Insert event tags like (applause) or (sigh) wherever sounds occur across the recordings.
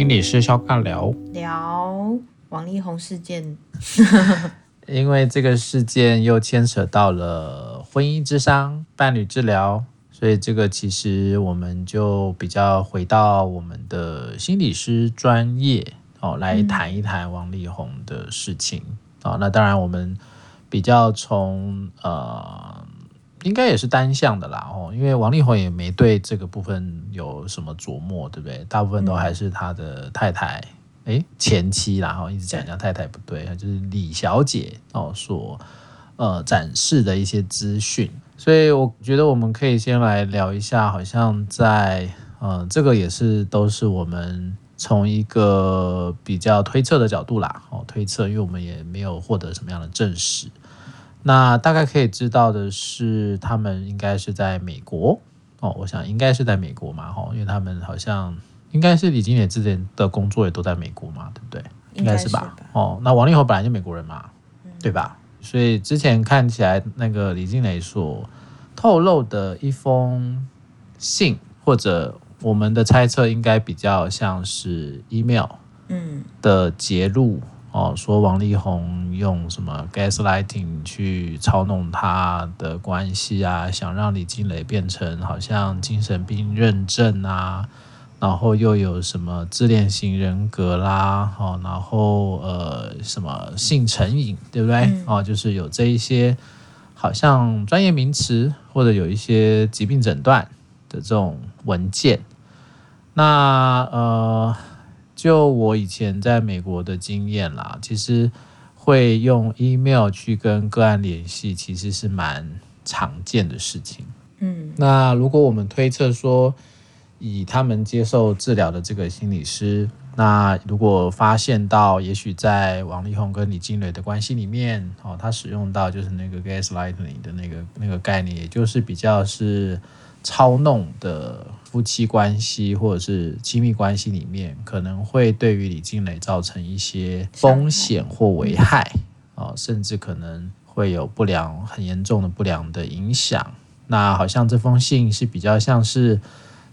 心理師小，肖尬聊聊王力宏事件， (laughs) 因為這個事件又牽扯到了婚姻、諮商、伴侶治療，所以這個其實我們就比較回到我們的心理師專業哦，來談一談王力宏的事情、嗯、哦。那當然，我們比較從呃。應該也是單向的啦，哦，因為王力宏也沒對這個部分有什麼琢磨，對不對？大部分都還是他的太太，誒，前妻啦，哦，一直講講太太不對，就是李小姐哦，所呃展示的一些資訊，所以我覺得我們可以先來聊一下，好像在嗯、呃，這個也是都是我們從一個比較推測的角度啦，哦，推測，因為我們也沒有獲得什麼樣的證實。那大概可以知道的是，他們應該是在美國哦。我想應該是在美國嘛，吼，因為他們好像應該是李靚蕾之前的工作也都在美國嘛，對不對？應該是吧。是吧哦，那王力宏本來就美國人嘛，嗯、對吧？所以之前看起來那個李靚蕾所透露的一封信，或者我們的猜測，應該比較像是 email 的揭露。嗯哦，說王力宏用什麼 gaslighting 去操弄他的關係啊，想讓李靚蕾變成好像精神病認證啊，然後又有什麼自戀型人格啦，好、哦，然後呃，什麼性成癮，對不對？嗯、哦，就是有這一些好像專業名詞或者有一些疾病診斷的這種文件，那呃。就我以前在美國的經驗啦，其實會用 email 去跟個案聯繫，其實是蠻常見的事情。嗯，那如果我們推測說，以他們接受治療的這個心理師，那如果發現到，也許在王力宏跟李靚蕾的關係裡面，哦，他使用到就是那個 gaslighting 的那個那個概念，也就是比較是。操弄的夫妻關係或者是親密關係裡面，可能會對於李靚蕾造成一些風險或危害哦，甚至可能會有不良、很嚴重的不良的影響。那好像這封信是比較像是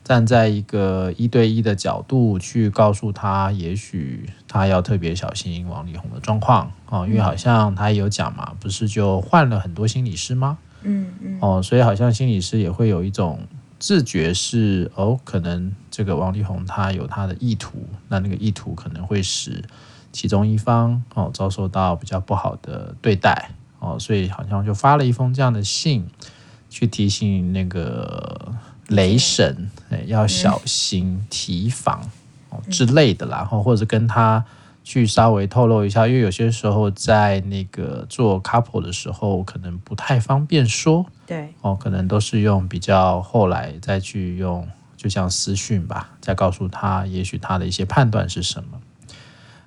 站在一個一對一的角度去告訴他，也許他要特別小心王力宏的狀況哦，因為好像他有講嘛，不是就換了很多心理師嗎？嗯，嗯哦，所以好像心理師也會有一種自覺是哦，可能這個王力宏他有他的意圖，那那個意圖可能會使其中一方哦遭受到比較不好的對待哦，所以好像就發了一封這樣的信去提醒那個蕾神要小心提防之類的，然後或者是跟他。去稍微透露一下，因為有些時候在那個做 couple 的時候，可能不太方便說。對，哦，可能都是用比較後來再去用，就像私訊吧，再告訴他，也許他的一些判斷是什麼。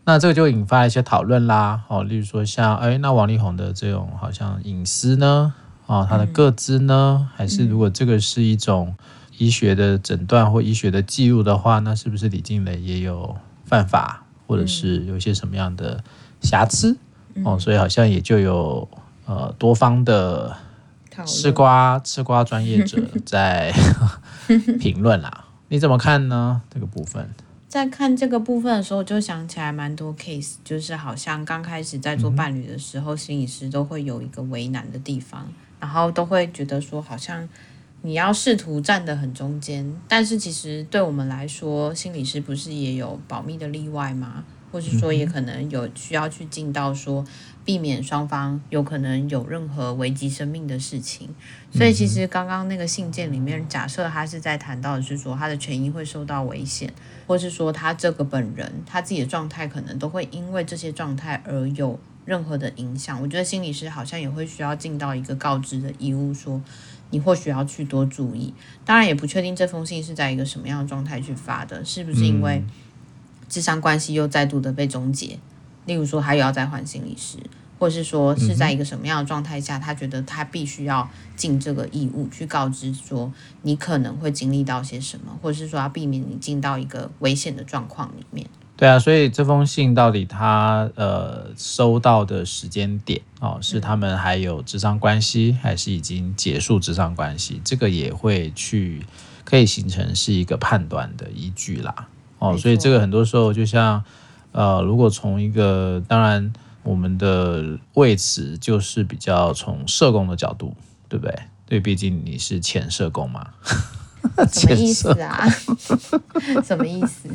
那這個就引發一些討論啦。哦，例如說像哎，那王力宏的這種好像隱私呢？哦，他的個資呢？嗯，還是如果這個是一種醫學的診斷或醫學的記錄的話，那是不是李靚蕾也有犯法？或者是有一些什麼樣的瑕疵哦、嗯嗯嗯，所以好像也就有呃多方的吃瓜吃討論瓜專業者在評論啦。你怎麼看呢？這個部分在看這個部分的時候，我就想起來蠻多 case，就是好像剛開始在做伴侶的時候，心理師都會有一個為難的地方，然後都會覺得說好像。你要試圖站得很中間，但是其實對我們來說，心理師不是也有保密的例外嗎？或是說，也可能有需要去盡到說，避免雙方有可能有任何危及生命的事情。所以，其實剛剛那個信件裡面，假設他是在談到的是說，他的權益會受到危險，或是說他這個本人他自己的狀態，可能都會因為這些狀態而有任何的影響。我覺得心理師好像也會需要盡到一個告知的義務，說。你或許要去多注意，當然也不確定這封信是在一個什麼樣的狀態去發的，是不是因為諮商關係又再度的被終結？例如說他又要再換心理師，或是說是在一個什麼樣的狀態下，他覺得他必須要盡這個義務去告知說你可能會經歷到些什麼，或是說要避免你進到一個危險的狀況裡面。對啊，所以這封信到底他呃收到的時間點哦，是他們還有職場關係，還是已經結束職場關係？這個也會去可以形成是一個判斷的依據啦。哦，沒錯。所以這個很多時候就像呃，如果從一個當然我們的位置就是比較從社工的角度，對不對？對，畢竟你是前社工嘛。 (laughs) 什麼意思啊？前社工 (laughs) 什麼意思？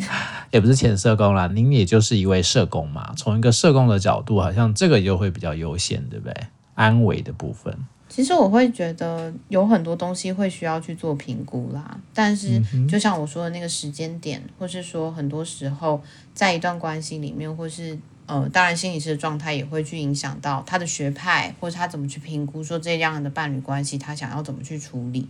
也不是前社工啦，您也就是一位社工嘛。從一個社工的角度，好像這個也就會比較優先，對不對？安穩的部分。其實我會覺得有很多東西會需要去做評估啦。但是就像我說的那個時間點，或是說很多時候在一段關係裡面，或是呃，當然心理師的狀態也會去影響到他的學派，或是他怎麼去評估說這樣的伴侶關係，他想要怎麼去處理。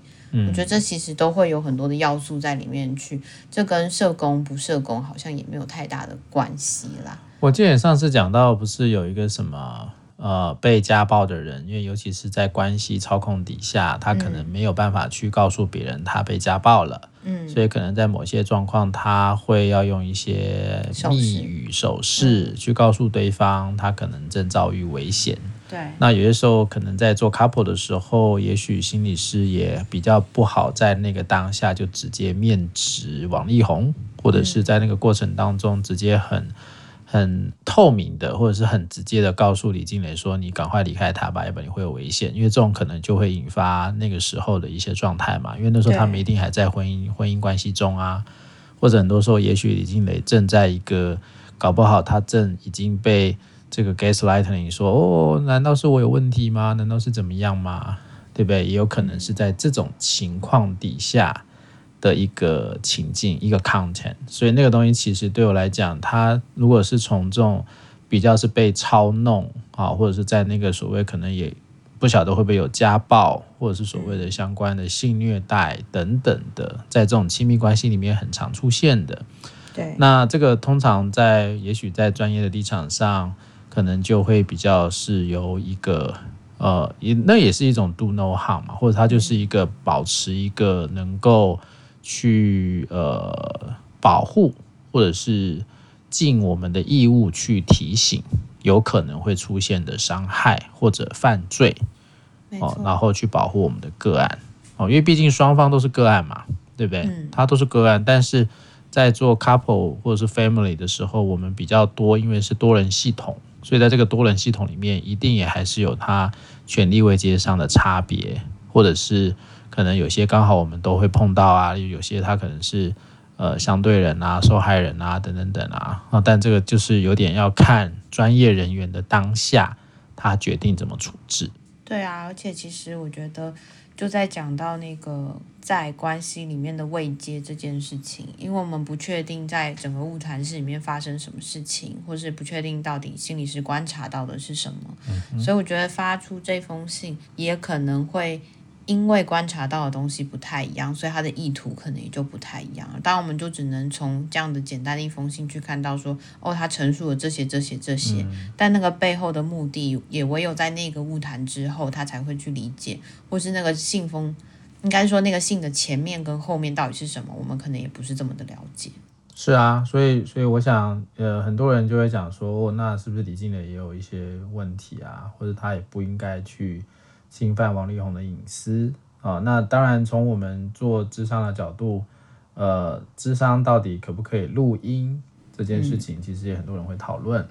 我覺得這其實都會有很多的要素在裡面去，這跟社工不社工好像也沒有太大的關係啦。我記得上次講到，不是有一個什麼呃被家暴的人，因為尤其是在關係操控底下，他可能沒有辦法去告訴別人他被家暴了，嗯，所以可能在某些狀況，他會要用一些密語、手勢去告訴對方，他可能正遭遇危險。對，那有些時候可能在做 couple 的時候，也許心理師也比較不好，在那個當下就直接面質王力宏，或者是在那個過程當中直接很很透明的，或者是很直接的告訴李靚蕾說：“你趕快離開他吧，要不然你會有危險。”因為這種可能就會引發那個時候的一些狀態嘛。因為那時候他們一定還在婚姻對婚姻關係中啊，或者很多時候，也許李靚蕾正在一個搞不好他正已經被。這個 gaslighting 說哦，難道是我有問題嗎？難道是怎麼樣嗎？對不對？也有可能是在這種情況底下的一個情境，一個 content。所以那個東西其實對我來講，它如果是從這種比較是被操弄啊，或者是在那個所謂可能也不曉得會不會有家暴，或者是所謂的相關的性虐待等等的，在這種親密關係裡面很常出現的。對，那這個通常在也許在專業的立場上。可能就會比較是由一個呃，也那也是一種 do no harm 嘛，或者它就是一個保持一個能夠去呃保護，或者是盡我們的義務去提醒有可能會出現的傷害或者犯罪哦，呃、沒錯。然後去保護我們的個案哦、呃，因為畢竟雙方都是個案嘛，對不對？它、嗯、都是個案，但是在做 couple 或者是 family 的時候，我們比較多，因為是多人系統。所以，在這個多人系統裡面，一定也還是有它權力位階上的差別，或者是可能有些剛好我們都會碰到啊，有些它可能是呃相對人啊、受害人啊等等等啊，但這個就是有點要看專業人員的當下，他決定怎麼處置。對啊，而且其實我覺得，就在講到那個在關係裡面的位階這件事情，因為我們不確定在整個晤談室裡面發生什麼事情，或是不確定到底心理師觀察到的是什麼，嗯嗯、所以我覺得發出這封信也可能會。因為觀察到的東西不太一樣，所以他的意圖可能也就不太一樣。但我們就只能從這樣的簡單的一封信去看到說，哦，他陳述了這些、這些、這些，嗯、但那個背後的目的，也唯有在那個晤談之後，他才會去理解，或是那個信封，應該說那個信的前面跟後面到底是什麼，我們可能也不是這麼的了解。是啊，所以所以我想，呃，很多人就會講說，哦，那是不是李靚蕾也有一些問題啊？或者他也不應該去。侵犯王力宏的隱私啊。哦，那當然從我們做諮商的角度，呃，諮商到底可不可以錄音這件事情，其實也很多人會討論。嗯、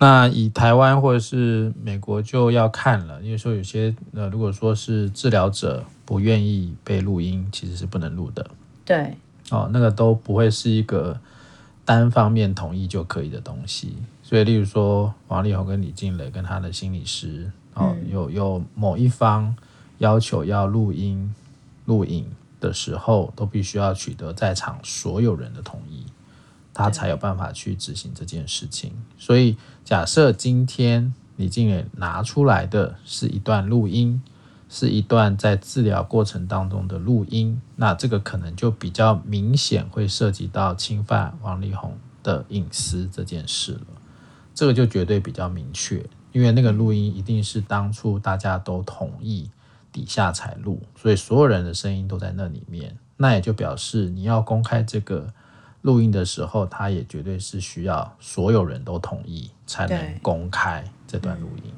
那以台灣或者是美國就要看了，因為說有些呃，如果說是治療者不願意被錄音，其實是不能錄的。對，哦，那個都不會是一個單方面同意就可以的東西。所以，例如說王力宏跟李靚蕾跟他的心理師，哦，有有某一方要求要錄音、錄影的時候，都必須要取得在場所有人的同意，他才有辦法去執行這件事情。所以，假設今天李靚蕾拿出來的是一段錄音，是一段在治療過程當中的錄音，那這個可能就比較明顯會涉及到侵犯王力宏的隱私這件事了，這個就絕對比較明確。因為那個錄音一定是當初大家都同意底下才錄，所以所有人的聲音都在那裡面。那也就表示你要公開這個錄音的時候，他也絕對是需要所有人都同意才能公開這段錄音。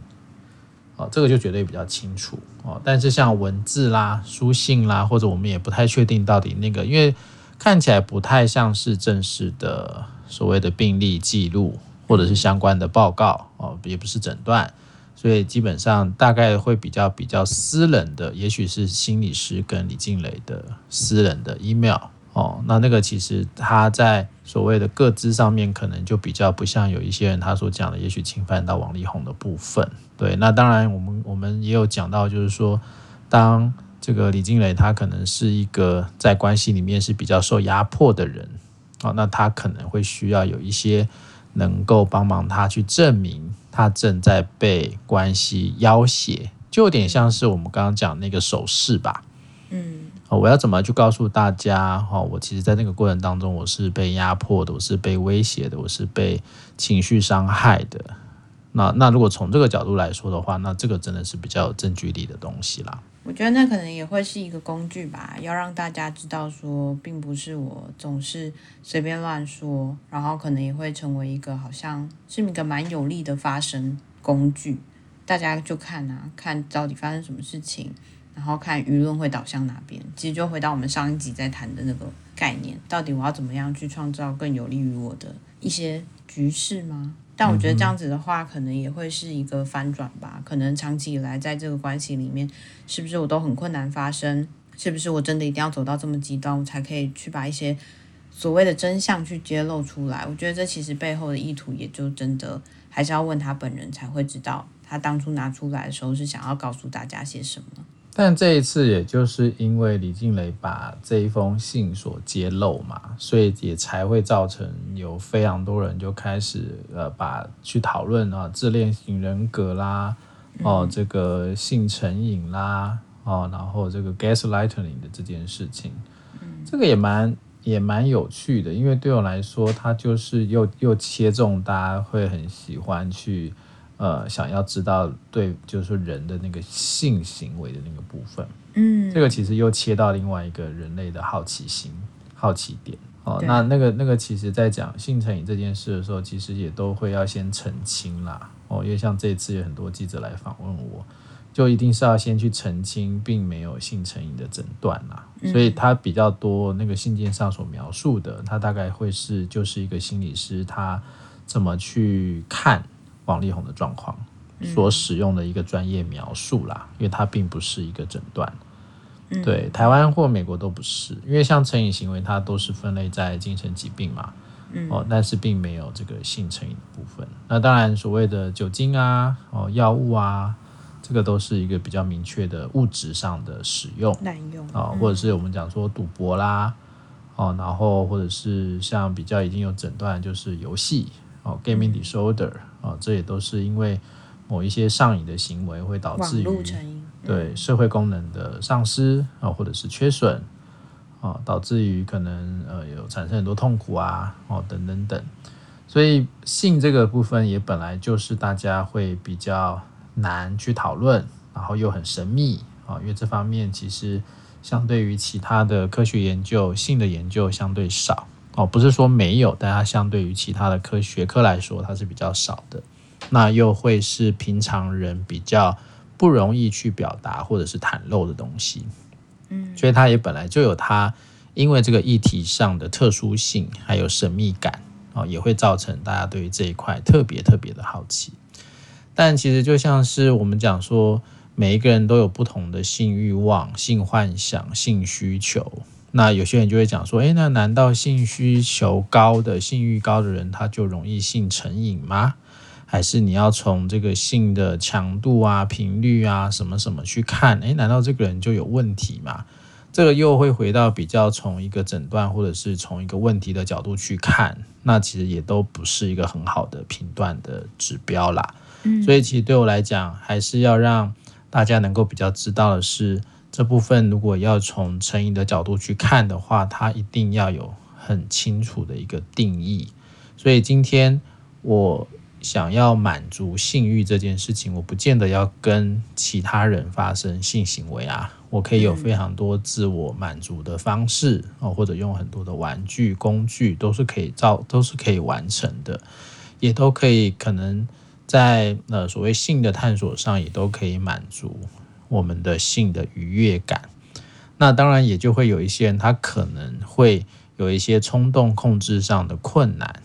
哦，這個就絕對比較清楚哦。但是像文字啦、書信啦，或者我們也不太確定到底那個，因為看起來不太像是正式的所謂的病歷記錄。或者是相關的報告哦，也不是診斷，所以基本上大概會比較比較私人的，也許是心理師跟李靚蕾的私人的 email 哦。那那個其實他在所謂的個資上面，可能就比較不像有一些人他所講的，也許侵犯到王力宏的部分。對，那當然我們我們也有講到，就是說，當這個李靚蕾他可能是一個在關係裡面是比較受壓迫的人啊，那他可能會需要有一些。能夠幫忙他去證明他正在被關係要挾，就有點像是我們剛剛講那個手勢吧。嗯，我要怎麼去告訴大家？哦，我其實在那個過程當中，我是被壓迫的，我是被威脅的，我是被情緒傷害的。那那如果從這個角度來說的話，那這個真的是比較有證據力的東西啦。我覺得那可能也會是一個工具吧，要讓大家知道說，並不是我總是隨便亂說，然後可能也會成為一個好像是一個蠻有力的發聲工具，大家就看啊，看到底發生什麼事情，然後看輿論會導向哪邊。其實就回到我們上一集在談的那個概念，到底我要怎麼樣去創造更有利於我的一些局勢嗎？但我覺得這樣子的話，可能也會是一個翻轉吧。嗯嗯。可能長期以來在這個關係裡面，是不是我都很困難發生？是不是我真的一定要走到這麼極端，我才可以去把一些所謂的真相去揭露出來？我覺得這其實背後的意圖，也就真的還是要問他本人才會知道，他當初拿出來的時候是想要告訴大家些什麼。但這一次，也就是因為李靜蕾把這一封信所揭露嘛，所以也才會造成有非常多人就開始呃，把去討論啊，自戀型人格啦，嗯、哦，這個性成癮啦，哦，然後這個 gaslighting 的這件事情，嗯、這個也蠻也蠻有趣的，因為對我來說，它就是又又切中大家會很喜歡去。呃，想要知道對，就是說人的那個性行為的那個部分，嗯，這個其實又切到另外一個人類的好奇心、好奇點哦。對那那個那個，其實在講性成癮這件事的時候，其實也都會要先澄清啦哦，因為像這次有很多記者來訪問我，就一定是要先去澄清，並沒有性成癮的診斷啦。嗯、所以，他比較多那個信件上所描述的，他大概會是就是一個心理師，他怎麼去看。王力宏的狀況所使用的一個專業描述啦，嗯、因為它並不是一個診斷。嗯、對，台灣或美國都不是，因為像成癮行為，它都是分類在精神疾病嘛。嗯、哦，但是並沒有這個性成癮的部分。那當然，所謂的酒精啊，哦，藥物啊，這個都是一個比較明確的物質上的使用濫用啊、嗯哦，或者是我們講說賭博啦，哦，然後或者是像比較已經有診斷就是遊戲哦 Gaming Disorder、嗯。啊，這也都是因為某一些上癮的行為會導致於對社會功能的喪失啊，或者是缺損啊，導致於可能呃有產生很多痛苦啊，哦等等等。所以性這個部分也本來就是大家會比較難去討論，然後又很神秘啊，因為這方面其實相對於其他的科學研究，性的研究相對少。哦，不是說沒有，但它相對於其他的科學科來說，它是比較少的。那又會是平常人比較不容易去表達或者是袒露的東西，嗯，所以它也本來就有它，因為這個議題上的特殊性還有神秘感，啊，也會造成大家對於這一塊特別特別的好奇。但其實就像是我們講說，每一個人都有不同的性欲望、性幻想、性需求。那有些人就會講說，誒，那難道性需求高的、性欲高的人，他就容易性成癮嗎？還是你要從這個性的強度啊、頻率啊、什麼什麼去看？誒，難道這個人就有問題嗎？這個又會回到比較從一個診斷或者是從一個問題的角度去看，那其實也都不是一個很好的評斷的指標啦。嗯，所以其實對我來講，還是要讓大家能夠比較知道的是。這部分如果要從成癮的角度去看的話，它一定要有很清楚的一個定義。所以今天我想要滿足性慾這件事情，我不見得要跟其他人發生性行為啊，我可以有非常多自我滿足的方式哦，嗯、或者用很多的玩具工具都是可以造，都是可以完成的，也都可以可能在呃所謂性的探索上也都可以滿足我們的性的愉悅感，那當然也就會有一些人，他可能會有一些衝動控制上的困難，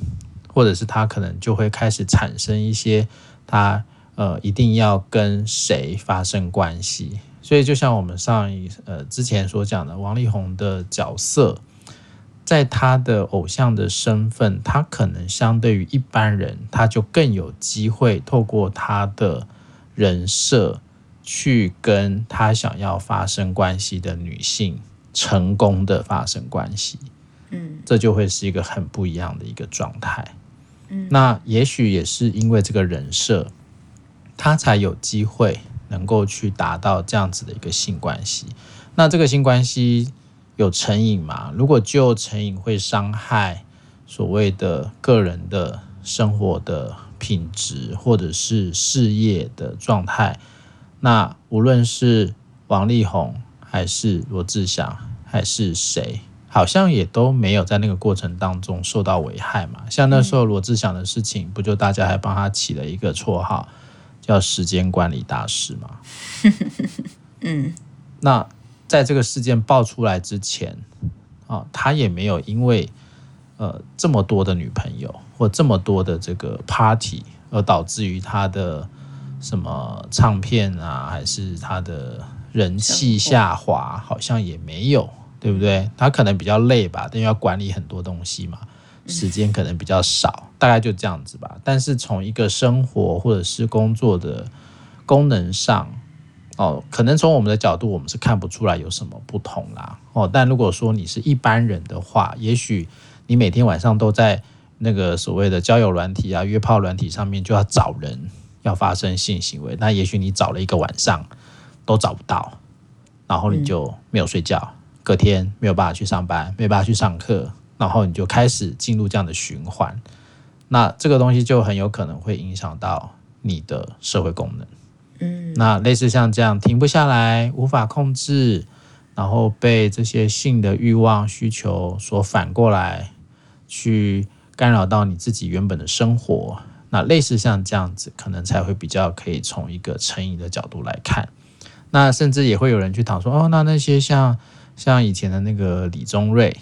或者是他可能就會開始產生一些他呃一定要跟誰發生關係。所以就像我們上一呃之前所講的，王力宏的角色，在他的偶像的身份，他可能相對於一般人，他就更有機會透過他的人設。去跟他想要發生關係的女性成功的發生關係，嗯，這就會是一個很不一樣的一個狀態。嗯，那也許也是因為這個人設，他才有機會能夠去達到這樣子的一個性關係。那這個性關係有成癮嗎？如果就成癮會傷害所謂的個人的生活的品質或者是事業的狀態。那無論是王力宏還是羅志祥還是誰，好像也都沒有在那個過程當中受到危害嘛。像那時候羅志祥的事情，不就大家還幫他起了一個綽號叫“時間管理大師”嗎？ (laughs) 嗯。那在這個事件爆出來之前啊，他也沒有因為呃這麼多的女朋友或這麼多的這個 party 而導致於他的。什麼唱片啊，還是他的人氣下滑，好像也沒有，對不對？他可能比較累吧，但因為要管理很多東西嘛，時間可能比較少，大概就這樣子吧。但是從一個生活或者是工作的功能上，哦，可能從我們的角度，我們是看不出來有什麼不同啦。哦，但如果說你是一般人的話，也許你每天晚上都在那個所謂的交友軟體啊、約炮軟體上面就要找人。要發生性行為，那也許你找了一個晚上都找不到，然後你就沒有睡覺，嗯，隔天沒有辦法去上班，沒有辦法去上課，然後你就開始進入這樣的循環，那這個東西就很有可能會影響到你的社會功能。嗯，那類似像這樣停不下來、無法控制，然後被這些性的欲望需求所反過來去干擾到你自己原本的生活。那類似像這樣子，可能才會比較可以從一個成癮的角度來看。那甚至也會有人去談，說，哦，那那些像像以前的那個李宗瑞，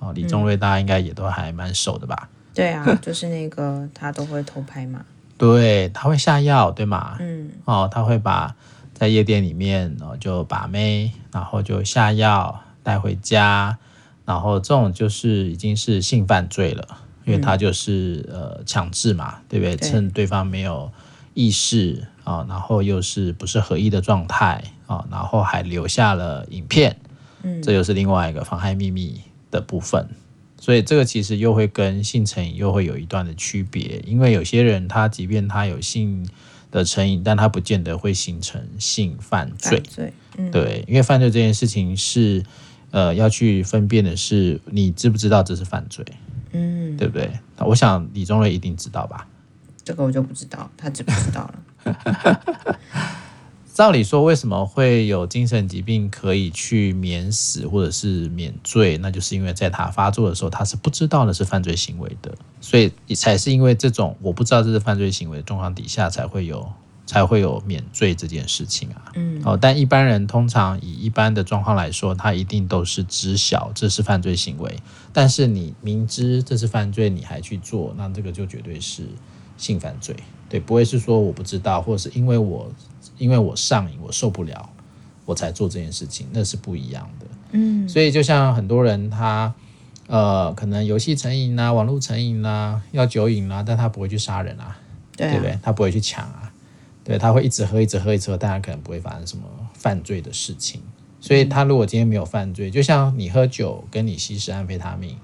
嗯、哦，李宗瑞大家應該也都還蠻熟的吧？對啊，呵就是那個他都會偷拍嘛，對，他會下藥，對嗎？嗯，哦，他會把在夜店裡面，然、哦、後就把妹，然後就下藥帶回家，然後這種就是已經是性犯罪了。因為他就是呃強制嘛，嗯、對不對？趁對方沒有意識啊對、哦，然後又是不是合意的狀態啊、哦，然後還留下了影片，嗯，這又是另外一個妨害秘密的部分。所以這個其實又會跟性成癮又會有一段的區別，因為有些人他即便他有性的成癮，但他不見得會形成性犯罪，犯罪嗯、對，因為犯罪這件事情是呃要去分辨的是你知不知道這是犯罪。嗯，對不對？我想李宗瑞一定知道吧？這個我就不知道，他知不知道了？ (laughs) (laughs) 照理說，為什麼會有精神疾病可以去免死或者是免罪？那就是因為在他發作的時候，他是不知道那是犯罪行為的，所以才是因為這種我不知道這是犯罪行為的狀況底下，才會有。才會有免罪這件事情啊，嗯哦，但一般人通常以一般的狀況來說，他一定都是知曉這是犯罪行為。但是你明知這是犯罪，你還去做，那這個就絕對是性犯罪，對，不會是說我不知道，或者是因為我因為我上癮，我受不了，我才做這件事情，那是不一樣的，嗯。所以就像很多人他呃，可能遊戲成癮啦、啊，網絡成癮啦、啊，要酒癮啦、啊，但他不會去殺人啊，對啊，對不對？他不會去搶啊。對他會一直喝，一直喝，一直喝，但他可能不會發生什麼犯罪的事情。嗯、所以他如果今天沒有犯罪，就像你喝酒跟你吸食安非他命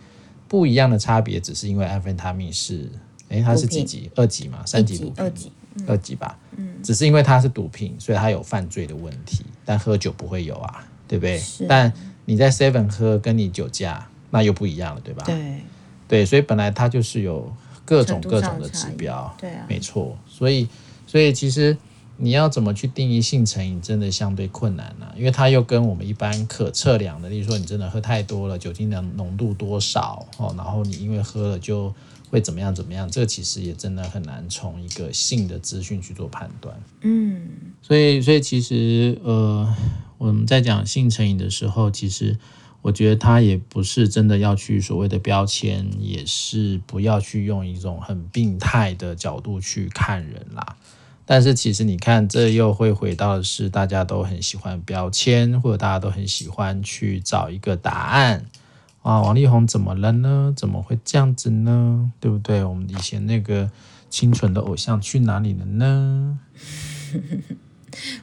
不一樣的差別，只是因為安非他命是誒，他是幾級？品二級嘛？三級毒品？二級，二級吧？嗯，只是因為它是毒品，所以他有犯罪的問題，但喝酒不會有啊，對不對？是但你在 Seven，嗯、喝跟你酒駕那又不一樣了，對吧？對，對，所以本來他就是有各種各種，各種的指標，對、啊、沒錯，所以。所以其實你要怎麼去定義性成癮，真的相對困難呢啊，因為它又跟我們一般可測量的，例如說你真的喝太多了，酒精的濃度多少哦，然後你因為喝了就會怎麼樣怎麼樣，這其實也真的很難從一個性的資訊去做判斷。嗯，所以所以其實呃，我們在講性成癮的時候，其實我覺得它也不是真的要去所謂的標籤，也是不要去用一種很病態的角度去看人啦。但是其實你看，這又會回到的是大家都很喜歡標籤，或者大家都很喜歡去找一個答案啊！王力宏怎麼了呢？怎麼會這樣子呢？對不對？我們以前那個清純的偶像去哪裡了呢？ (laughs)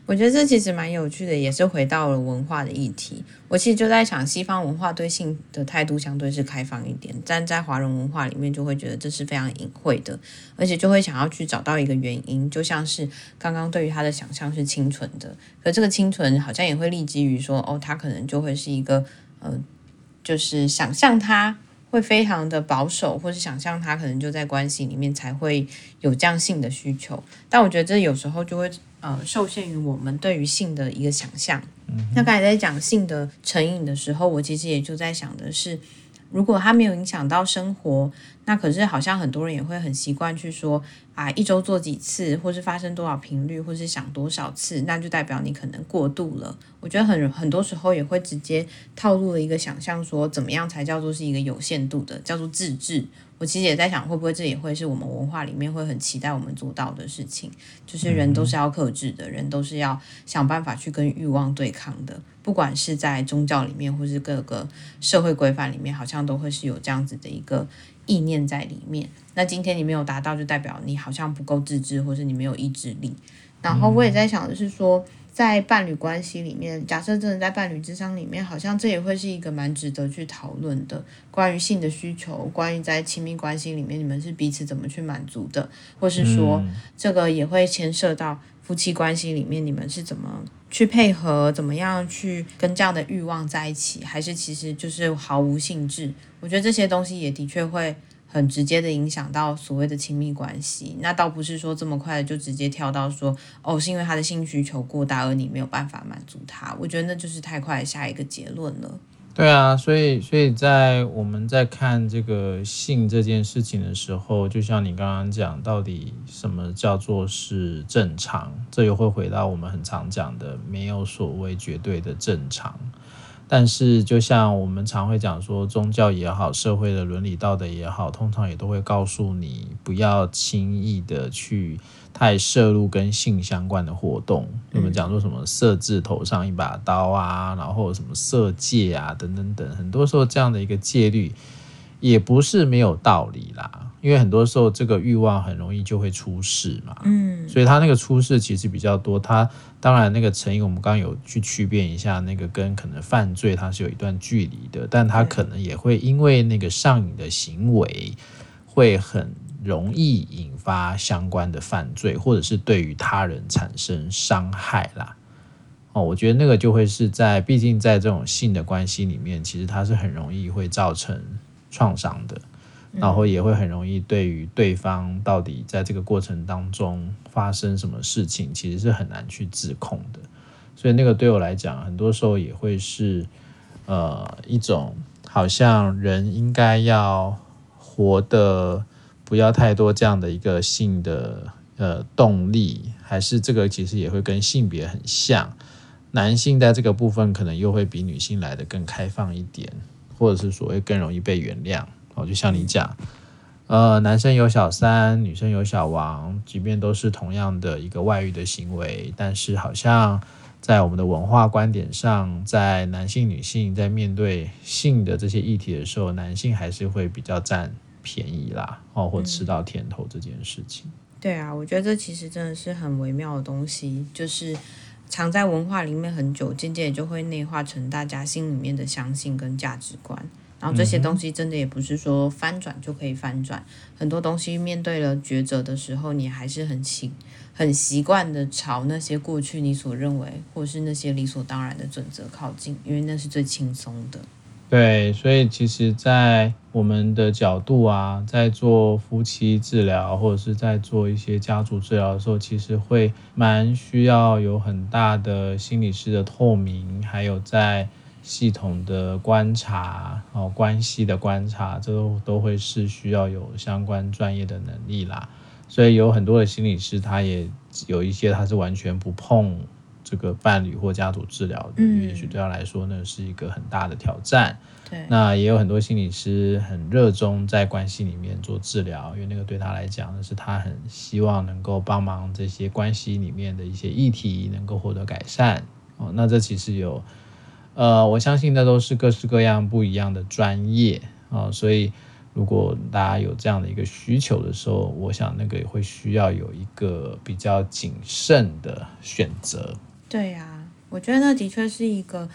我覺得這其實蠻有趣的，也是回到了文化的議題。我其實就在想，西方文化對性的態度相對是開放一點，但在華人文化裡面，就會覺得這是非常隱晦的，而且就會想要去找到一個原因。就像是剛剛對於他的想象是清純的，可這個清純好像也會立基於說，哦，他可能就會是一個，呃，就是想象他會非常的保守，或是想象他可能就在關係裡面才會有這樣性的需求。但我覺得這有時候就會呃，受限於我們對於性的一個想象。嗯哼，那剛才在講性的成癮的時候，我其實也就在想的是。如果它沒有影響到生活，那可是好像很多人也會很習慣去說啊，一周做幾次，或是發生多少頻率，或是想多少次，那就代表你可能過度了。我覺得很很多時候也會直接套入了一個想象，說怎麼樣才叫做是一個有限度的，叫做自制。我其實也在想，會不會這也會是我們文化裡面會很期待我們做到的事情，就是人都是要克制的，嗯、人都是要想辦法去跟慾望對抗的。不管是在宗教裡面，或是各個社會規範裡面，好像都會是有這樣子的一個意念在裡面。那今天你沒有達到，就代表你好像不夠自制，或是你沒有意志力。嗯、然後我也在想的是說，在伴侶關係裡面，假設真的在伴侶諮商裡面，好像這也會是一個蠻值得去討論的。關於性的需求，關於在親密關係裡面你們是彼此怎麼去滿足的，或是說、嗯、這個也會牽涉到夫妻關係裡面你們是怎麼。去配合怎麼樣去跟這樣的慾望在一起，還是其實就是毫無興致。我覺得這些東西也的確會很直接的影響到所謂的親密關係。那倒不是說這麼快就直接跳到說，哦，是因為他的性需求過大而你沒有辦法滿足他。我覺得那就是太快的下一個結論了。對啊，所以，所以在我們在看這個性這件事情的時候，就像你剛剛講，到底什麼叫做是正常，這又會回到我們很常講的，沒有所謂絕對的正常。但是，就像我們常會講說，宗教也好，社會的倫理道德也好，通常也都會告訴你，不要輕易的去太涉入跟性相關的活動。我們講說什麼色字頭上一把刀啊，然後什麼色戒啊，等等等，很多時候這樣的一個戒律，也不是沒有道理啦。因為很多時候，這個欲望很容易就會出事嘛，嗯，所以他那個出事其實比較多。他當然那個成癮，我們剛剛有去區別一下，那個跟可能犯罪它是有一段距離的，但他可能也會因為那個上癮的行為，會很容易引發相關的犯罪，或者是對於他人產生傷害啦。哦，我覺得那個就會是在，畢竟在這種性的關係裡面，其實它是很容易會造成創傷的。然後也會很容易對於對方到底在這個過程當中發生什麼事情，其實是很難去自控的。所以那個對我來講，很多時候也會是呃一種好像人應該要活得不要太多這樣的一個性的呃動力，還是這個其實也會跟性別很像，男性在這個部分可能又會比女性來得更開放一點，或者是所謂更容易被原諒。我就像你講，呃，男生有小三，女生有小王，即便都是同樣的一個外遇的行為，但是好像在我們的文化觀點上，在男性、女性在面對性的這些議題的時候，男性還是會比較佔便宜啦，哦，或吃到甜頭這件事情。對啊，我覺得這其實真的是很微妙的東西，就是藏在文化裡面很久，漸漸也就會內化成大家心裡面的相信跟價值觀。然後這些東西真的也不是說翻轉就可以翻轉，嗯、很多東西面對了抉擇的時候，你還是很習很習慣的朝那些過去你所認為或是那些理所當然的準則靠近，因為那是最輕鬆的。對，所以其實，在我們的角度啊，在做夫妻治療或者是在做一些家族治療的時候，其實會蠻需要有很大的心理師的透明，還有在。系統的觀察然後，哦，關係的觀察，這都都會是需要有相關專業的能力啦。所以有很多的心理師，他也有一些他是完全不碰這個伴侶或家族治療的，嗯、也許對他來說呢是一個很大的挑戰。對那也有很多心理師很熱衷在關係裡面做治療，因為那個對他來講呢是他很希望能夠幫忙這些關係裡面的一些議題能夠獲得改善哦。那這其實有。呃，我相信那都是各式各樣不一樣的專業啊，哦，所以如果大家有這樣的一個需求的時候，我想那個也會需要有一個比較謹慎的選擇。對呀，啊，我覺得那的確是一個。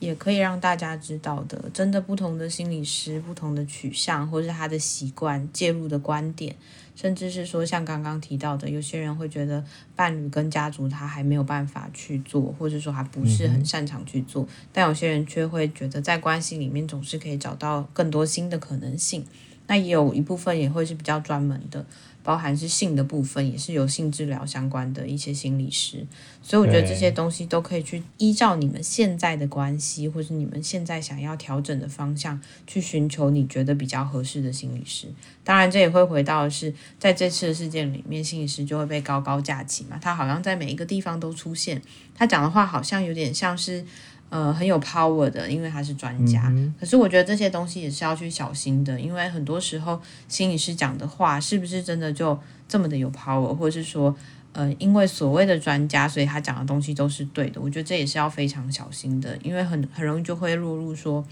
也可以讓大家知道的，真的不同的心理師，不同的取向，或是他的習慣、介入的觀點，甚至是說像剛剛提到的，有些人會覺得伴侶跟家族他還沒有辦法去做，或者說他不是很擅長去做，mm hmm. 但有些人卻會覺得在關係裡面總是可以找到更多新的可能性。那有一部分也會是比較專門的。包含是性的部分，也是有性治療相關的一些心理師，所以我覺得這些東西都可以去依照你們現在的關係，對或是你們現在想要調整的方向，去尋求你覺得比較合適的心理師。當然，這也會回到是在這次的事件裡面，心理師就會被高高架起嘛，他好像在每一個地方都出現，他講的話好像有點像是。呃，很有 power 的，因為他是專家。嗯。可是我覺得這些東西也是要去小心的，因為很多時候心理師講的話是不是真的就這麼的有 power，或者是說，呃，因為所謂的專家，所以他講的東西都是對的。我覺得這也是要非常小心的，因為很很容易就會落入說，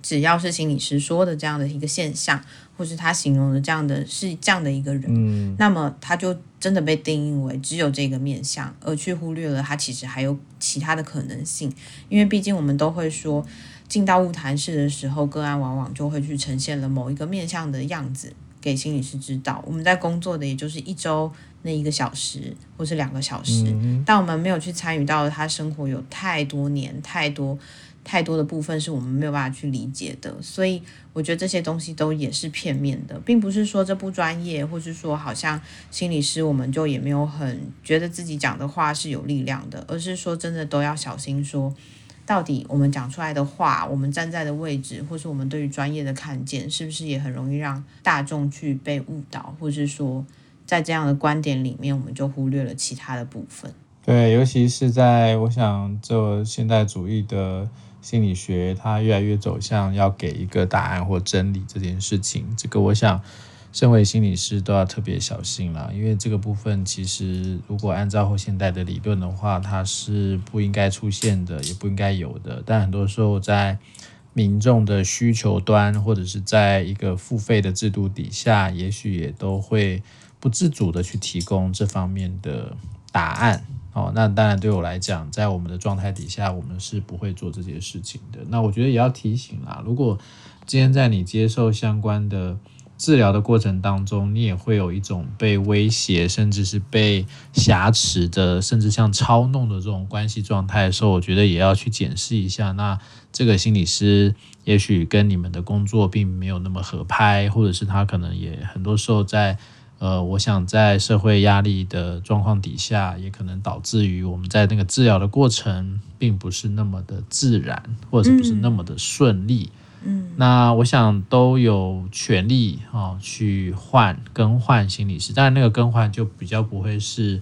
只要是心理師說的這樣的一個現象，或是他形容的這樣的是這樣的一個人，嗯。那麼他就。真的被定義為只有這個面向，而去忽略了他其實還有其他的可能性。因為畢竟我們都會說，進到晤談室的時候，個案往往就會去呈現了某一個面向的樣子給心理師知道。我們在工作的也就是一周那一個小時或是兩個小時，但我們沒有去參與到他生活有太多年、太多。太多的部分是我們沒有辦法去理解的，所以我覺得這些東西都也是片面的，並不是說這不專業，或是說好像心理師我們就也沒有很覺得自己講的話是有力量的，而是說真的都要小心，說到底我們講出來的話，我們站在的位置，或是我們對於專業的看見，是不是也很容易讓大眾去被誤導，或是說在這樣的觀點裡面，我們就忽略了其他的部分。對，尤其是在我想，這現代主義的心理學，它越來越走向要給一個答案或真理這件事情，這個我想，身為心理師都要特別小心了，因為這個部分其實如果按照後現代的理論的話，它是不應該出現的，也不應該有的。但很多時候在民眾的需求端，或者是在一個付費的制度底下，也許也都會不自主的去提供這方面的答案。哦，那當然對我來講，在我們的狀態底下，我們是不會做這些事情的。那我覺得也要提醒啦，如果今天在你接受相關的治療的過程當中，你也會有一種被威脅，甚至是被挾持的，甚至像操弄的這種關係狀態的時候，我覺得也要去檢視一下，那這個心理師也許跟你們的工作並沒有那麼合拍，或者是他可能也很多時候在。呃，我想在社會壓力的狀況底下，也可能導致於我們在那個治療的過程，並不是那麼的自然，或者是不是那麼的順利。嗯，嗯，那我想都有權利啊，哦，去換更換心理師，但那個更換就比較不會是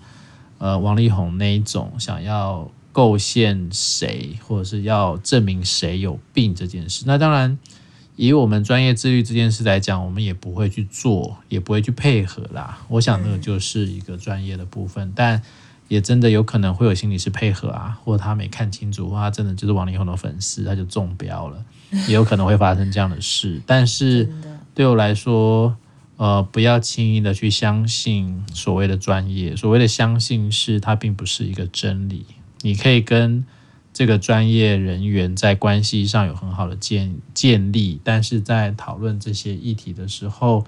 呃王力宏那一種想要構陷誰，或者是要證明誰有病這件事。那當然。以我們專業自律這件事來講，我們也不會去做，也不會去配合啦。我想那個就是一個專業的部分，嗯、但也真的有可能會有心理師配合啊，或者他沒看清楚，哇，他真的就是王力宏的粉絲，他就中標了，也有可能會發生這樣的事。嗯、但是真的，對我來說，呃，不要輕易的去相信所謂的專業，所謂的相信是它並不是一個真理。你可以跟。這個專業人員在關係上有很好的建建立，但是在討論這些議題的時候，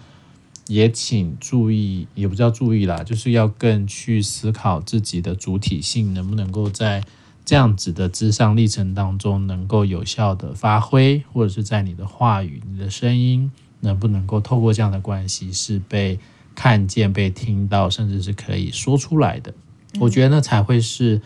也請注意，也不叫注意啦，就是要更去思考自己的主體性能不能夠在這樣子的諮商歷程當中能夠有效的發揮，或者是在你的話語、你的聲音，能不能夠透過這樣的關係是被看見、被聽到，甚至是可以說出來的？嗯、我覺得那才會是。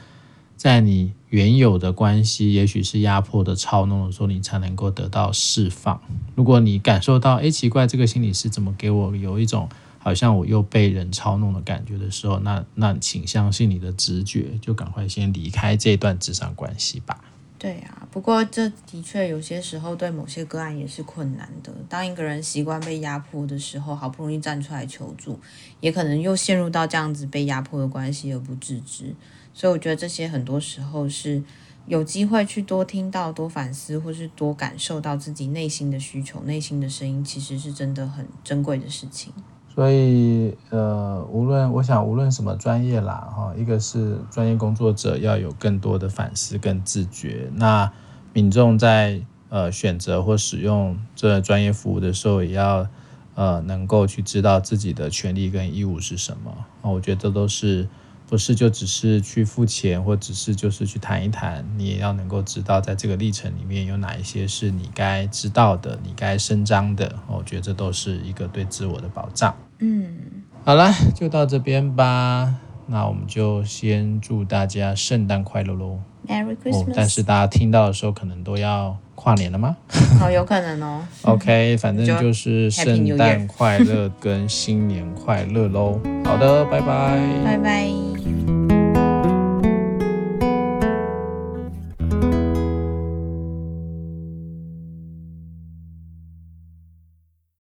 在你原有的關係，也許是壓迫的操弄的時候，你才能夠得到釋放。如果你感受到，哎、欸，奇怪，這個心理師怎麼給我有一種好像我又被人操弄的感覺的時候，那那請相信你的直覺，就趕快先離開這段諮商關係吧。對啊，不過這的確有些時候對某些個案也是困難的。當一個人習慣被壓迫的時候，好不容易站出來求助，也可能又陷入到這樣子被壓迫的關係而不自知。所以我覺得這些很多時候是有機會去多聽到、多反思，或是多感受到自己內心的需求、內心的聲音，其實是真的很珍貴的事情。所以，呃，無論我想，無論什麼專業啦，哈、哦，一個是專業工作者要有更多的反思跟自覺；那民眾在呃選擇或使用這專業服務的時候，也要呃能夠去知道自己的權利跟義務是什麼。啊、哦，我覺得這都是。不是就只是去付錢，或只是就是去談一談，你也要能夠知道，在這個歷程裡面有哪一些是你該知道的，你該伸張的。我覺得這都是一個對自我的保障。嗯，好了，就到這邊吧。那我們就先祝大家聖誕快樂嘍 Merry Christmas！哦，但是大家聽到的時候，可能都要。跨年了嗎？好有可能哦。 (laughs) OK，反正就是聖誕快樂跟新年快樂嘍。好的，拜拜，拜拜。